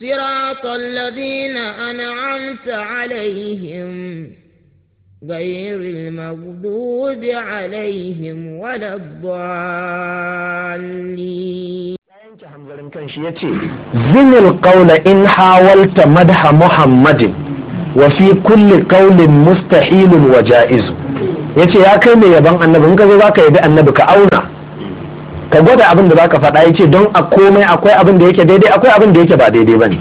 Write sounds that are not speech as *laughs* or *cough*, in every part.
صراط الذين أنعمت عليهم غير المغضوب عليهم ولا الضالين زن القول إن حاولت مدح محمد وفي كل قول مستحيل وجائز yace ya kai mai yaban annabi in ka gwada abin da ka faɗa ya ce don a komai akwai abin da yake daidai akwai abin da yake ba daidai ne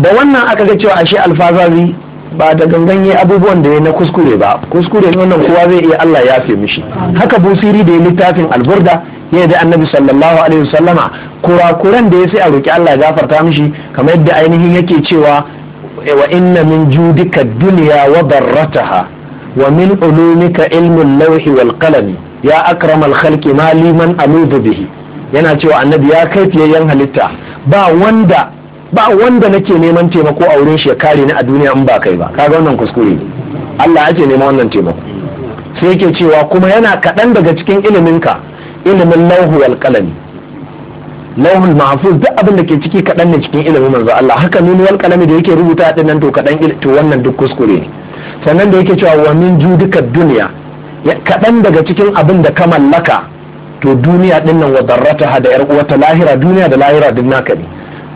da wannan aka ga cewa ashe alfazazi ba da ganganye abubuwan da ya na kuskure ba kuskure ne wannan kowa zai iya Allah ya fi mishi haka busiri da ya littafin alburda ya da annabi sallallahu alaihi wasallama kurakuran da ya sai a roki Allah ya gafarta mishi kamar yadda ainihin yake cewa wa inna min judika dunya wa darrataha wa min ulumika ilmul lawhi wal qalami ya akramal khalqi ma liman aludu bihi yana cewa annabi ya kai fiyayyen halitta ba wanda ba wanda nake neman taimako a wurin shi ya kare ni a duniya in ba kai ba kaga wannan kuskure Allah ake neman wannan taimako sai yake cewa kuma yana kaɗan daga cikin iliminka ilimin lauhu wal Lauhu lauhul mahfuz duk abin da ke ciki kaɗan ne cikin ilimin manzo Allah haka nuni wal qalam da yake rubuta din nan to kaɗan to wannan duk kuskure ne sannan da yake cewa wa ju judika duniya. kaɗan daga cikin abin da ka mallaka to duniya ɗin nan wadarrata da yar uwata lahira duniya da lahira duk naka ne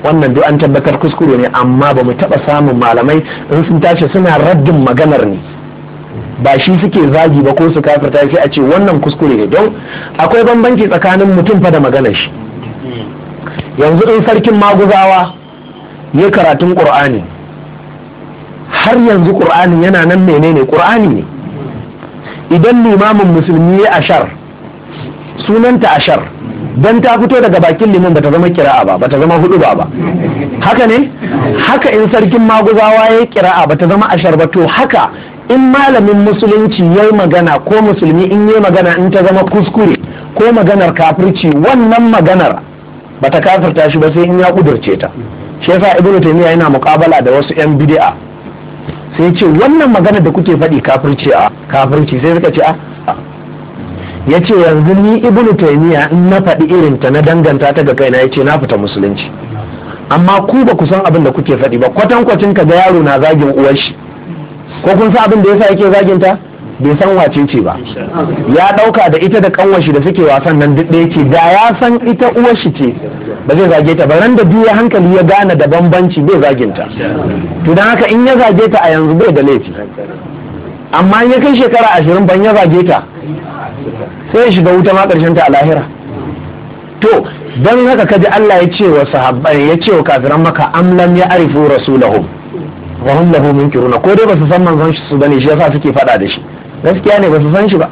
wannan duk an tabbatar kuskure ne amma ba mu taɓa samun malamai in sun tashi suna raddin maganar ne ba shi suke zagi ba ko su kafirta sai a ce wannan kuskure ne don akwai bambanci tsakanin mutum fa da maganar shi yanzu in sarkin maguzawa ya karatun ƙur'ani har yanzu ƙur'ani yana nan menene ƙur'ani ne idan limamin musulmi ya ashar sunanta ashar don ta fito daga bakin liman bata zama kira'a ba bata zama hudu ba ba haka ne haka in sarkin maguzawa ya kira'a bata zama ashar ba to haka in malamin musulunci ya magana ko musulmi in yi magana in ta zama kuskure ko maganar kafirci wannan maganar ba ta kafirta shi ba sai in ya kudurce ta shi yasa ibnu taymiya yana muqabala da wasu yan bid'a sai ce wannan magana da kuke faɗi kafirci a kafirci sai suka ce a ah, ah. ya ce yanzu ni ibnu taimiya in na faɗi irin ta na danganta ta ga kaina ya ce na fita musulunci amma ku ba ku san abin da kuke faɗi ba kwatankwacin ka ga yaro na zagin uwar shi ko kun san abin da yasa yake zagin ta bai san wace ce ba ya ɗauka da ita da shi da suke wasan nan duk ce da ya san ita shi ce ba zai zage ta ba ran da duk hankali ya gane da bambanci bai zaginta to dan haka in ya zage ta a yanzu bai da laifi amma in ya kai shekara ashirin ban ya zage ta sai ya shiga wuta ma karshen ta a lahira to don haka kaji Allah ya ce wa sahabbai ya ce wa kafiran maka amlam ya arifu rasulahum wa hum lahu munkiruna ko dai ba su san manzon su bane shi yasa suke fada da shi gaskiya ne ba su san shi ba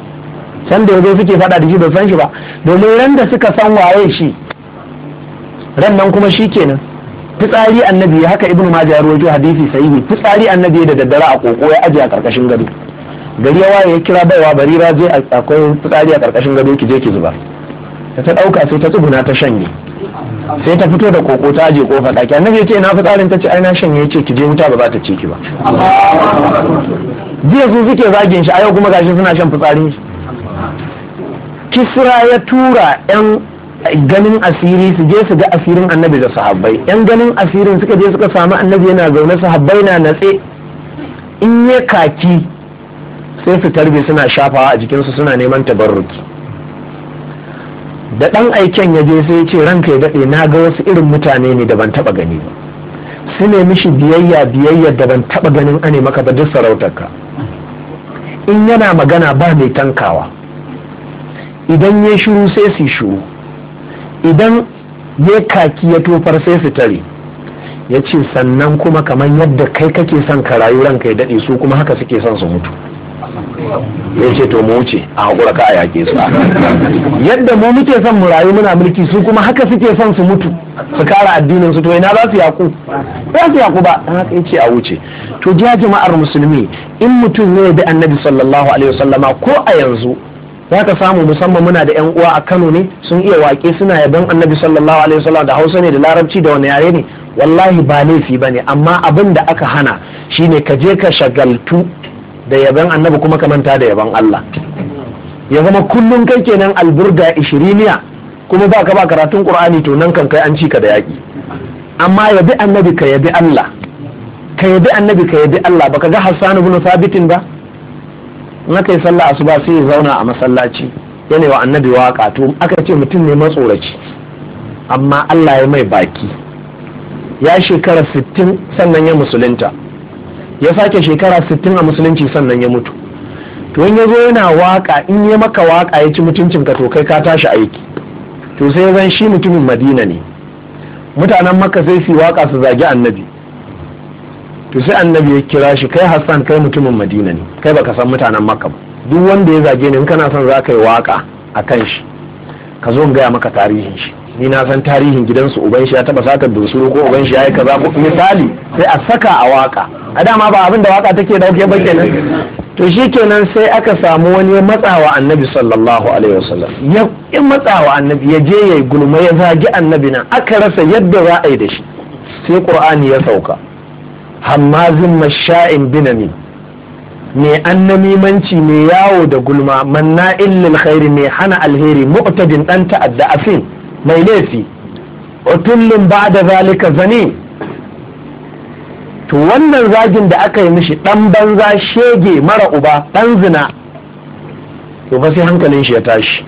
san da yanzu suke fada da shi ba san shi ba domin ran da suka san waye shi ran nan kuma shi kenan fitsari annabi haka ibnu majah ya rawaito hadisi sahihi fitsari annabi da daddare a koko ya aje a karkashin gado gari ya waye ya kira baiwa ra je akwai fitsari a karkashin gado ki je ki zuba da ta dauka sai ta tsuguna ta shanye sai ta fito da koko ta aje kofa daki annabi ya ce ina fitsarin ta ce ai na shanye ya ce ki je wuta ba za ta ci ki ba jiya su suke zagin shi a yau kuma gashi suna shan fitsarin shi kisra ya tura yan ganin asiri su je su ga asirin annabi da sahabbai yan ganin asirin suka je suka samu annabi yana zaune sahabbai na natse in ya kaki sai su tarbe suna shafawa a jikinsu suna neman tabarruki da ɗan aiken ya je sai ce ranka ya daɗe na ga wasu irin mutane ne da ban taɓa gani ba su ne mishi biyayya biyayya da ban taba ganin ane maka ba duk sarautarka in yana magana ba mai tankawa idan ya shuru sai su shuru idan ya kaki ya tofar sai su tare ya ce sannan kuma kamar yadda kai kake son ka rayu ranka ya daɗe su kuma haka suke son su mutu ya ce to mu wuce a haƙura ka a yaƙe su yadda mu muke son mu rayu muna mulki su kuma haka suke son su mutu su kara addinin su to ina za su yaku? ba su yaku ba an haka yace a wuce to jiya jama'ar musulmi in mutum ne da annabi sallallahu alaihi wasallama ko a yanzu za ka samu musamman muna da yan uwa a Kano ne sun iya waƙe suna yabon annabi sallallahu alaihi wasallam da Hausa ne da Larabci da wani yare ne wallahi ba laifi ba ne amma abin da aka hana shine ka je ka shagaltu da yaban annabi kuma ka manta da yaban Allah ya zama kullum kai kenan alburda ishiriniya kuma baka ba karatun qur'ani to nan kan kai an ka da yaki amma yabi annabi ka yabi Allah ka yabi annabi ka yabi Allah baka ga Hassan ibn Thabitin ba na kai sallah asuba sai ya zauna a masallaci yana wa annabi waka to aka ce mutum ne matsoraci amma Allah ya mai baki ya shekara sittin sannan ya musulunta ya sake shekara 60 a musulunci sannan ya mutu to in ya zo yana waka in ya maka waka ya ci mutuncin ka to kai ka tashi aiki to sai zan shi mutumin madina ne mutanen maka sai su waka su zagi annabi to sai annabi ya kira shi kai hassan kai mutumin madina ne kai baka san mutanen maka ba duk wanda ya zage ni in kana son za ka yi waka a kan shi ka zo in gaya maka tarihin shi ni na san tarihin gidansu uban shi ya taba sakar dusu ko uban shi ya yi kaza ko misali sai a saka a waka a dama ba abin da waka take dauke ba kenan to shi kenan sai aka samu wani ya matsawa annabi sallallahu alaihi wasallam ya in matsawa annabi ya je ya gulma ya zagi annabi nan aka rasa yadda za a yi da shi sai qur'ani ya sauka hammazin masha'in binami mai annamimanci mai yawo da gulma manna illil khairi mai hana alheri mu'tadin dan ta'adda afin mai laifi utullin ba da zalika zane to wannan zagin da aka yi mishi ɗan banza shege mara uba ɗan zina to ba sai hankalin shi ya tashi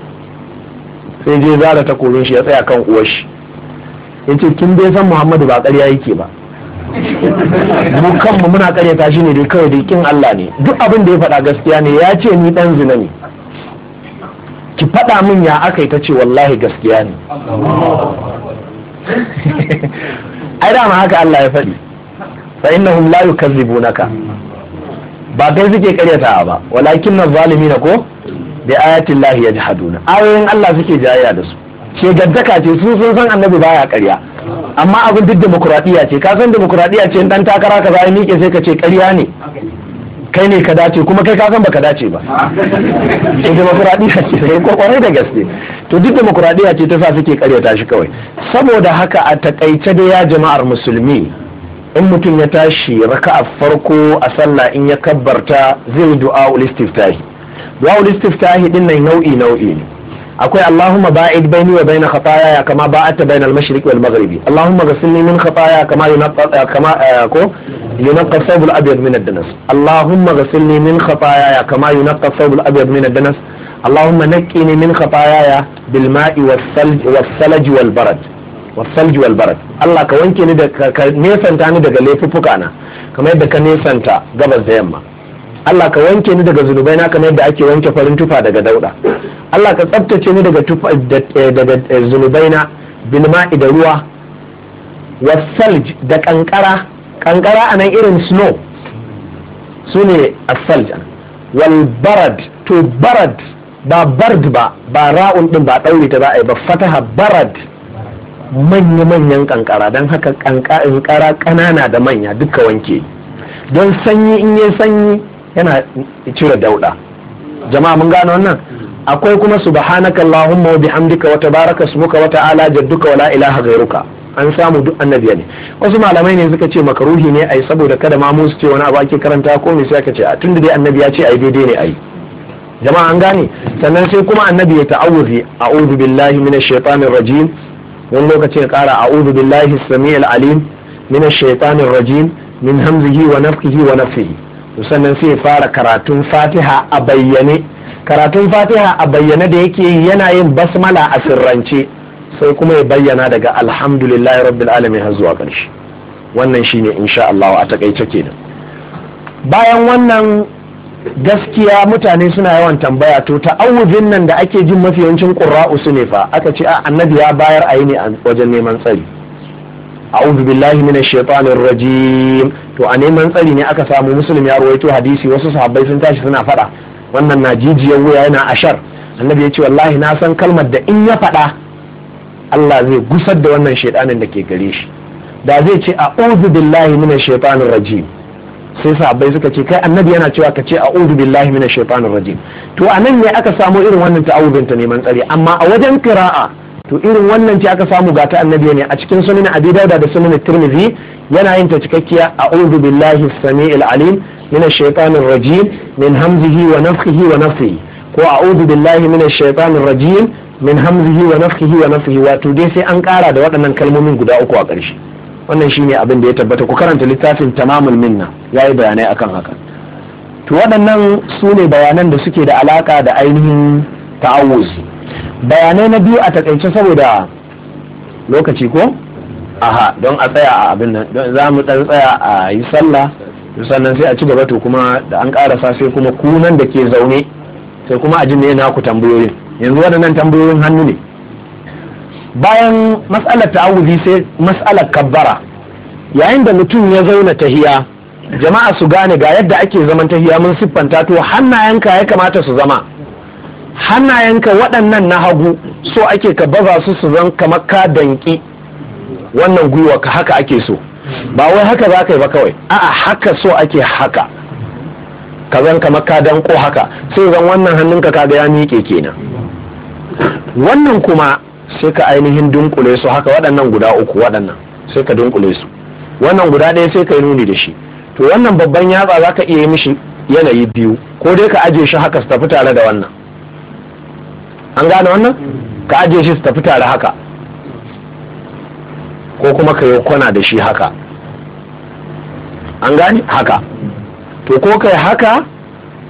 sai je zara takobin shi ya tsaya kan uwa shi ce kin bai san Muhammadu ba ƙarya yake ba mu kanmu muna karya shi ne dai kawai dai kin Allah ne duk abin da ya faɗa gaskiya ne ya ce ni dan zina ne faɗa min ya aka yi ta ce wallahi gaskiya ne *laughs* ai dama haka Allah ya faɗi fa innahum la yukazzibunaka ba kai suke karyata ba walakin na zalimi na ko da ayatin lahi ya jihaduna ayoyin Allah suke jayayya da su ke gaddaka ce su sun san annabi baya karya amma abin duk demokuraɗiyya ce ka san demokuraɗiyya ce ɗan takara ka za a miƙe sai ka ce karya ne kai ne ka dace kuma kai kasan baka dace ba to demokuraɗiyya ce sai ko da gaske to duk demokuraɗiyya ce ta sa suke karyata shi kawai saboda haka a takaice da ya jama'ar musulmi in mutum ya tashi raka a farko a sallah in ya kabbarta zai du'a ul istiftahi du'a ul istiftahi din nan nau'i nau'i ne akwai Allahumma ba'id baini wa baina khataaya ya kama ba'adta baina al-mashriq wal maghribi Allahumma ghsilni min khataaya kama yunqqa eh, kama eh, ko yunqqa thawb al-abyad min ad dunas Allahumma ghsilni min khataaya ya kama yunqqa thawb al-abyad min ad-danas dunas Allahumma naqqini min khataaya اللهم نقني من salj wal barad والثلج salj wal barad Allah ka wanke ni da ka nesanta ni daga laifuffuka na kamar yadda ka nesanta gabas da yamma Allah ka wanke ni daga zunubai na kamar yadda ake wanke farin tufa daga dauda Allah ka tsabtace ni daga tufa eh, daga eh, zunubai na bilma'i da ruwa wasalj da kankara kankara a nan irin snow su ne asalj wal barad to barad ba bard ba ba ra'un din ba ɗaure ta za a yi ba fataha barad manya-manyan kankara don haka kankara ƙanana da manya duka wanke don sanyi in yi sanyi yana cire dauda jama'a mun gano wannan akwai kuma subhanaka allahumma wa bihamdika wa tabaraka smuka wa ta'ala jadduka wa la ilaha ghairuka an samu duk annabiya ne wasu malamai ne suka ce makaruhi ne ai saboda kada ma musu ce wani abu ake karanta ko me sai ka ce a tunda dai annabi ya ce ai daidai ne ai jama'a an gane sannan sai kuma annabi ya ta'awuzi a'udhu billahi minash shaitanir rajim wani lokacin ya kara a'udhu billahi as-sami'il alim minash shaitanir rajim min hamzihi wa nafthihi wa nafthihi sannan sai fara karatun fatiha a bayyane karatun fatiha a bayyane da yake yi yana yin basmala a sirrance sai kuma ya bayyana daga alhamdulillahi rabbil alamin har zuwa ƙarshe wannan shine insha Allah a takaice kenan bayan wannan gaskiya mutane suna yawan tambaya to ta'awuzin nan da ake jin mafi yawancin su ne fa aka ce annabi ya bayar a yi ne wajen neman tsari a'udhu billahi minash shaitanir rajim to a neman tsari ne aka samu muslim ya ruwaito hadisi wasu sahabbai sun tashi suna faɗa wannan na jijiyar wuya yana ashar annabi ya ce wallahi na san kalmar da in ya faɗa Allah zai gusar da wannan shaitanin da ke gare shi da zai ce a'udhu billahi minash shaitanir rajim sai sahabbai suka ce kai annabi yana cewa ka ce a'udhu billahi minash shaitanir rajim to anan ne aka samu irin wannan ta'awudin ta neman tsari amma a wajen qira'a to irin wannan ce aka samu ga ta annabi ne a cikin sunan abi dauda da sunan tirmidhi yana yin ta cikakkiya a'udhu billahi samiil alim min ash-shaytanir rajim min hamzihi wa nafthihi wa nafthihi ko a'udhu billahi min ash-shaytanir rajim min hamzihi wa nafthihi wa nafthihi wato dai sai an kara da waɗannan kalmomin guda uku a ƙarshe wannan shine abin da ya tabbata ku karanta littafin tamamul minna yayi bayanai akan haka to waɗannan sune bayanan da suke da alaka da ainihin ta'awuzi bayanai na biyu a takaice saboda lokaci ko aha don a tsaya a abin nan za mu dan tsaya a yi sallah sannan sai a ci gaba to kuma da an karasa sai kuma kunan da ke zaune sai kuma a ji ne naku tambayoyin yanzu waɗannan tambayoyin hannu ne bayan mas'alar ta'awuzi sai mas'alar kabbara yayin da mutum ya zauna tahiya jama'a su gane ga yadda ake zaman tahiya mun siffanta to hannayenka ya kamata su zama hannayenka waɗannan na hagu so ake ka baza su su zan kamar ka danki wannan gwiwa ka haka ake so ba wai haka za ka yi ba kawai a'a haka so ake haka ka zan kamar ka danko haka sai zan wannan hannunka kaga ya miƙe kenan wannan kuma sai ka ainihin dunkule su haka waɗannan guda uku waɗannan sai ka dunkule su wannan guda ɗaya sai ka yi nuni da shi to wannan babban yatsa za ka iya yi mishi yanayi biyu ko dai ka aje shi haka su tafi tare da wannan an gane wannan ka ajiye shi su tafi tare haka ko kuma ka yi kwana da shi haka an gane haka to ko kai haka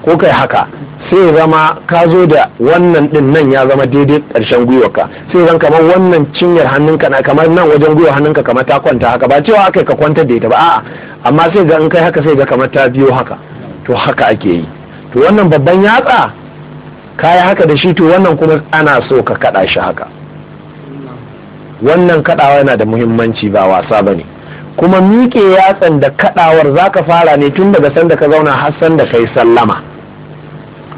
ko kai haka sai zama ka zo da wannan din nan ya zama daidai ƙarshen gwiwarka sai zan kamar wannan cinyar hannunka na kamar nan wajen gwiwar hannunka kamar ta kwanta haka ba cewa aka ka kwanta da ita ba a'a amma sai ga in kai haka sai ga kamar ta biyo haka to haka ake yi to wannan babban yatsa kayi haka da shi to wannan kuma ana so ka kaɗa shi haka wannan kaɗawa yana da muhimmanci ba wasa ba ne kuma miƙe yatsan da kaɗawar zaka fara ne tun daga sanda ka zauna har sanda kayi sallama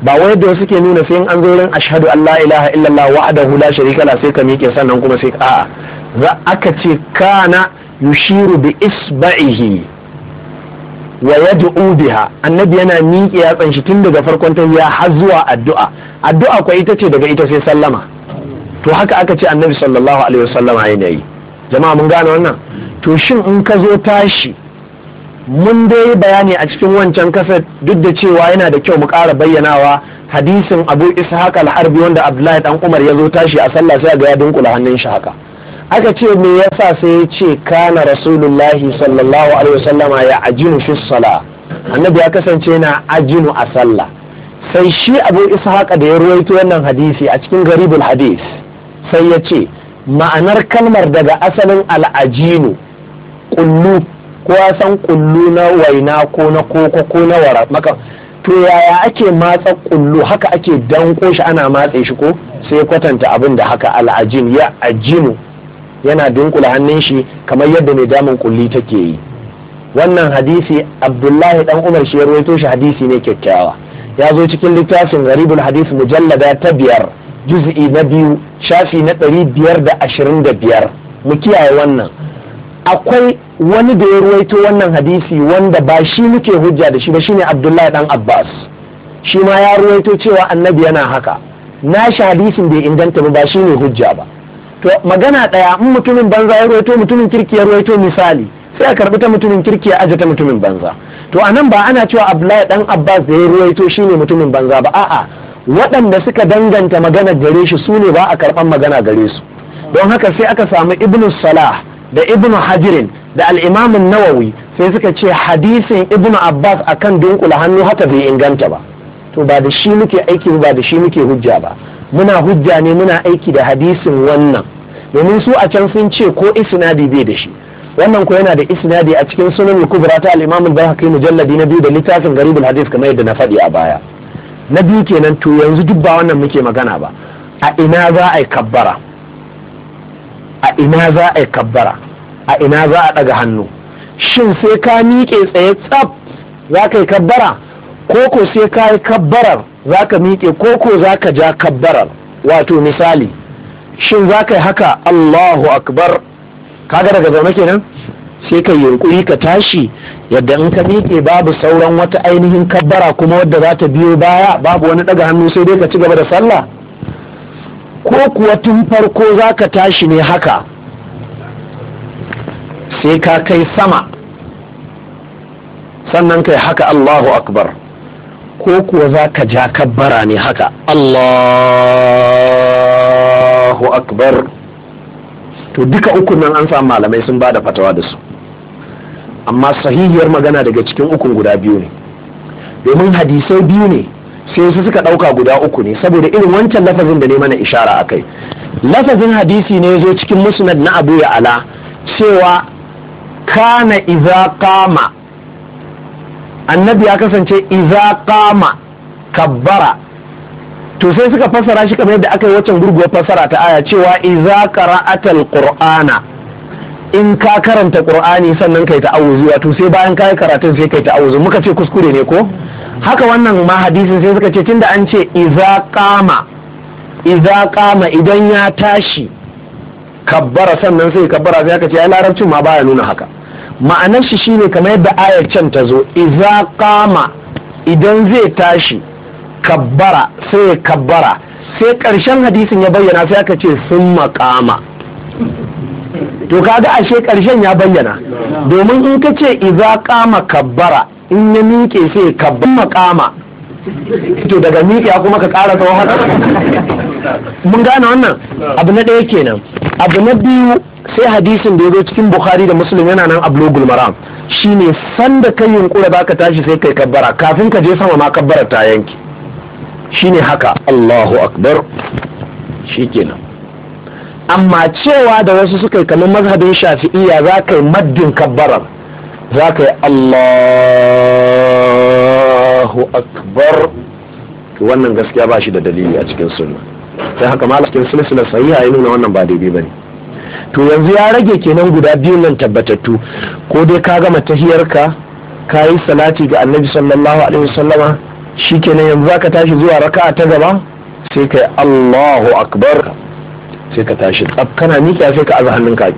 ba wai da suke nuna sai an zo rin ashhadu an la ilaha illallah wa'adahu la sharika la sai ka miƙe sannan kuma sai a'a za aka ce kana yushiru bi isba'ihi wa yad'u biha annabi yana miƙe yatsan shi tun daga farkon tahiyya har zuwa addu'a addu'a kwa ita ce daga ita sai sallama to haka aka ce annabi sallallahu alaihi yana yi jama'a mun gane wannan to shin in ka zo tashi mun dai bayani a cikin wancan kasa duk da cewa yana da kyau mu ƙara bayyanawa hadisin abu ishaq al-harbi wanda abdullahi dan umar ya zo tashi a sallah sai ga ya dunkula hannun shi haka aka ce me yasa sai ya ce kana rasulullahi sallallahu alaihi wasallama ya ajinu fi sala annabi ya kasance na ajinu a sallah sai shi abu ishaqa da ya ruwaito wannan hadisi a cikin garibul hadis sai ya ce ma'anar kalmar daga asalin al'ajinu kullu ko san kullu na waina ko na koko ko na wara maka to yaya ake matsa kullu haka ake danko shi ana matse shi ko sai kwatanta abin da haka al'ajin ya ajinu yana dunkula hannun shi kamar yadda mai damun kulli take yi wannan hadisi abdullahi dan umar shi ya rawaito shi hadisi ne kyakkyawa ya zo cikin littafin garibul hadisi mujallada ta biyar juz'i na biyu shafi na ɗari biyar da ashirin da biyar mu kiyaye wannan akwai wani da ya ruwaito wannan hadisi wanda ba shi muke hujja da shi ba shine abdullahi dan abbas shi ma ya ruwaito cewa annabi yana haka na shi hadisin bai inganta ba shi shine hujja ba to magana ɗaya in mutumin banza ya ruwaito mutumin kirki ya ruwaito misali sai a karɓi ta mutumin kirki ya aje ta mutumin banza to anan ba ana cewa abdullahi Ɗan abbas da ya ruwaito shine mutumin banza ba a'a waɗanda suka danganta magana gare shi su ne ba a karɓan magana gare su don haka sai aka samu ibnu salah da ibnu hajirin da al'imamin nawawi sai suka ce hadisin ibnu abbas akan dunkula hannu haka bai inganta ba to ba da shi muke aiki ba da shi muke hujja ba muna hujja ne muna aiki da hadisin wannan domin su a can sun ce ko isnadi bai da shi wannan ko yana da isnadi a cikin sunan kubra ta al-imam al mujalladi na biyu da littafin garibul hadis kamar yadda na faɗi a baya na biyu kenan to yanzu duk ba wannan muke magana ba a ina za a yi kabbara a ina za a yi kabbara a ina za a ɗaga hannu shin sai ka miƙe tsaye tsaf za ka yi kabbara ko ko sai ka yi kabbarar za ka miƙe ko za ka ja kabbarar wato misali shin za ka yi haka allahu akbar kaga daga zaune kenan sai ka yunkuri ka tashi yadda in ka miƙe babu sauran wata ainihin kabbara kuma wadda za ta biyo baya babu wani ɗaga hannu sai dai ka ci gaba da sallah ko kuwa tun farko za ka tashi ne haka sai ka kai sama sannan kai haka allahu akbar ko kuwa za ka ja kabbara ne haka Allahu akbar to duka ukun nan an samu malamai sun ba da fatawa da su amma sahihiyar magana daga cikin ukun guda biyu ne domin hadisai biyu ne sai su suka ɗauka guda uku ne saboda irin wancan lafazin da ne mana ishara a kai lafazin hadisi ne zo cikin musnad na abu ya ala cewa kana iza kama annabi ya kasance iza kama kabbara to sai suka fasara shi kamar yadda aka yi waccan gurguwar fassara ta aya cewa iza qara'atal qur'ana in ka karanta qur'ani sannan kai ta'awuzi wato sai bayan kai karatun sai kai ta'awuzi muka ce kuskure ne ko haka wannan ma hadisin sai suka ce tunda an ce iza kama iza kama idan ya tashi kabbara sannan sai kabbara sai aka ce ai larabcin ma baya nuna haka ma'anar shi shine kamar yadda ayar can ta zo iza kama idan zai tashi kabbara sai ya kabbara sai ƙarshen hadisin ya bayyana sai aka ce sun makama to kaga ashe ƙarshen ya bayyana domin in ka ce iza kama kabbara in ya miƙe sai kabbar makama to daga miƙa kuma ka ƙara tsawon haka mun gane wannan abu na ɗaya kenan abu na biyu sai hadisin da ya zo cikin bukhari da muslim yana nan ablogul maram shine sanda kai yunkura zaka tashi sai kai kabbara kafin ka je sama ma kabbara ta yanki shine haka allahu akbar shikenan amma cewa da wasu suka yi kamar mazhabin shafi'iya za ka yi maddin kabbarar za ka yi allahu akbar wannan gaskiya ba shi da dalili a cikin sunna sai haka ma cikin silsilar sahiha ya nuna wannan ba daidai ba ne to yanzu ya rage kenan guda biyu nan tabbatattu ko dai ka gama tahiyarka ka yi salati ga annabi sallallahu alaihi wasallama kenan yanzu za ka tashi zuwa raka'a ta gaba sai ka yi Allahu akbar sai ka tashi kana miƙa sai ka aza hannunka a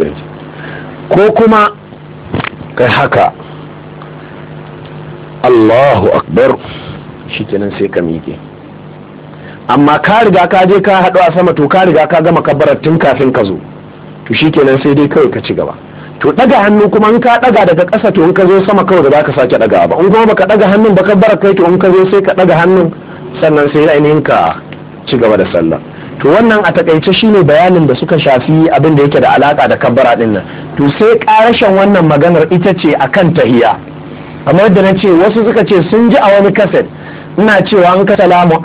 ko kuma kai haka allahu akbar shikenan sai ka miƙe amma ka riga ka je ka haɗu a sama to ka riga ka gama kabarar tun kafin ka zo to shikenan sai dai kawai ka ci gaba to ɗaga hannu kuma in ka daga daga ƙasa to in ka zo sama kawai da za ka sake ɗaga ba in kuma baka ɗaga hannun ba ka kai to in ka zo sai ka ɗaga hannun sannan sai ainihin ka ci gaba da sallah to wannan a takaice shine bayanin da suka shafi abin da yake da alaka da kabbara din nan to sai karashen wannan maganar ita ce akan tahiya kamar da na ce wasu suka ce sun ji a wani kaset ina cewa an ka salamu